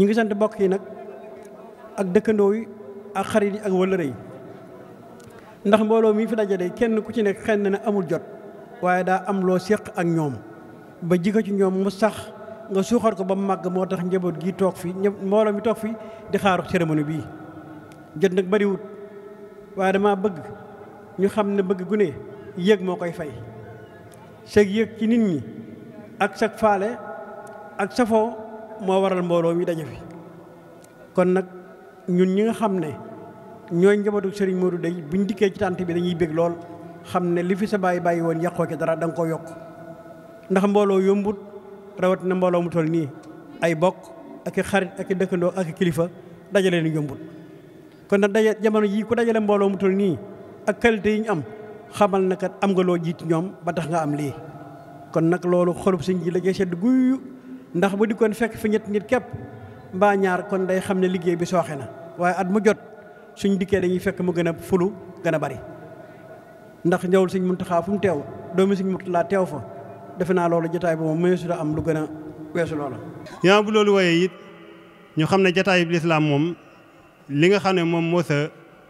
ñu ngi sant mbokk yi nag ak dëkkandoo yi ak xarit yi ak wëllëre yi ndax mbooloo mii fi dajale kenn ku ci nekk xëy na ne amul jot waaye daa am loo séq ak ñoom ba jikko ci ñoom mu sax nga suuxat ko ba mu màgg moo tax njaboot gi toog fi mbooloo mi toog fi di xaaru cérémonie bii jot nag bariwut waaye dama bëgg ñu xam ne bëgg gu yéeg moo koy fay sag yéeg ci nit ñi ak sag faale ak safoo moo waral mbooloo mi daje fi kon nag ñun ñi nga xam ne ñooy njabootu sëriñ Modou day buñ dikkee ci tànt bi dañuy bég lool xam ne li fi sa bàyyi bàyyi woon yàqoo ci dara da nga ko yokk ndax mbooloo yombut rawat na mbooloo mu nii ay bokk ak i xarit ak i dëkkandoo ak i kilifa dajale ni yombut kon na daje jamono yii ku dajale mbooloo mu nii ak qualité yi ñu am xamal na kat am nga loo jiit ñoom ba tax nga am lii kon nag loolu xolub sëñ ji la ndax bu kon fekk fi ñett nit képp mbaa ñaar kon day xam ne liggéey bi sooxe na waaye at mu jot suñ dikkee dañuy fekk mu gën a fulu gën a bari ndax ñëwul sëñ Muntaxa fu mu teew doomi sëñ laa teew fa defe naa loolu jotaay bi moom mëneesu am lu gën a weesu loola. yaa bu loolu waaye it ñu xam ne jotaay bi lislaam moom li nga xam ne moom moo sa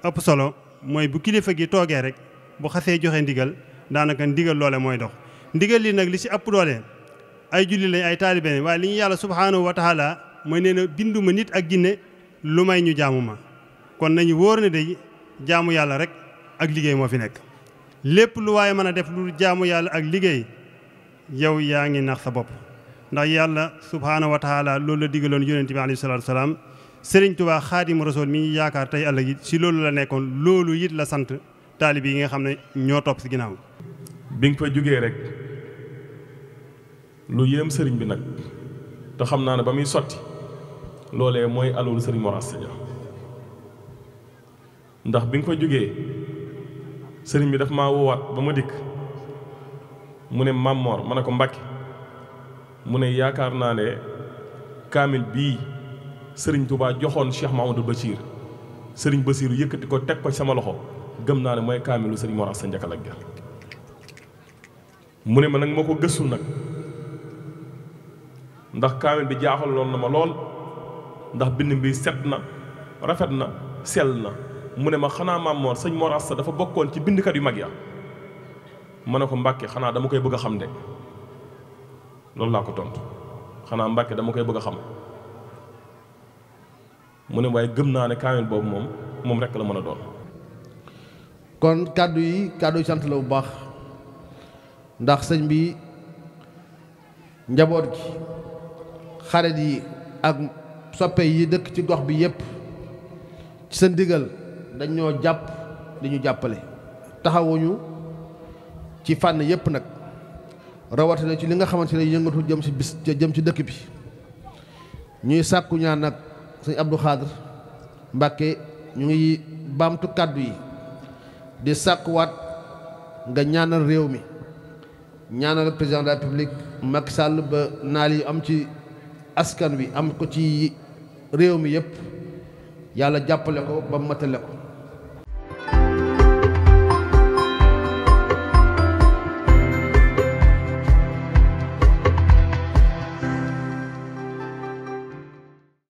ëpp solo mooy bu kilifa gi toogee rek bu xasee joxe ndigal daanaka ndigal loole mooy dox ndigal li nag li ci ëpp doole. ay julli lañ ay taalibe lañ waaye li ñu yàlla subhaanahu wa taala mooy nee na binduma nit ak ginne lu may ñu jaamu ma kon nañu wóor ne day jaamu yàlla rek ak liggéey moo fi nekk lépp lu waaye mën a def lu jaamu yàlla ak liggéey yow yaa ngi nax sa bopp ndax yàlla subhaanahu wa taala loolu la digaloon yonente bi alayhi salaatu salaam sëriñ tubaa xaadimu rasul mi yaakaar tey ëllëg it si loolu la nekkoon loolu it la sant taalib yi nga xam ne ñoo topp si ginnaaw bi nga fa jugee rek lu yéem sëriñ bi nag te xam naa ne ba muy sotti loolee mooy alalu sëriñ Mor Asta Dia ndax bi nga fa jógee sëriñ bi daf maa woowaat ba ma dikk mu ne Maam Mor ma ne ko Mbàkke mu ne yaakaar naa ne kaamil bii sëriñ Touba joxoon Cheikh Mahamadou Bachir sëriñ Bachir yëkkati ko teg ko sama loxo gëm naa ne mooy kaamilu sëriñ Mor Asta Ndiakalak ga mu ne ma nag moo ko gëstu nag ndax kaamil bi jaaxal loon na ma lool ndax bind bi set na rafet na sell na mu ne ma xanaa maam Mor sëñ Mor Asta dafa bokkoon ci bindkat yu mag ya ma ne ko Mbàkke xanaa dama koy bëgg a xam de loolu laa ko tont xanaa Mbàkke dama koy bëgg a xam mu ne waaye gëm naa ne kaamil boobu moom moom rek la mën a doon. kon kàddu yi kàddu yi sant la bu baax ndax sëñ bi njaboot gi. xarit yi ak soppe yi dëkk ci gox bi yépp ci sa ndigal dañ ñoo jàpp di ñu jàppale taxawuñu ci fànn yépp nag rawatina ci li nga xamante ne yëngatu jëm ci bis jëm ci dëkk bi ñuy sàkku ñaan nag sëñ Abdou Khadre Mbàkke ñu ngi baamtu kàddu yi di sàkkuwaat nga ñaanal réew mi ñaanal président de la République Macky Sall ba naal yi am ci askan wi am ko ci réew mi yëpp yàlla jàppale ko ba matale ko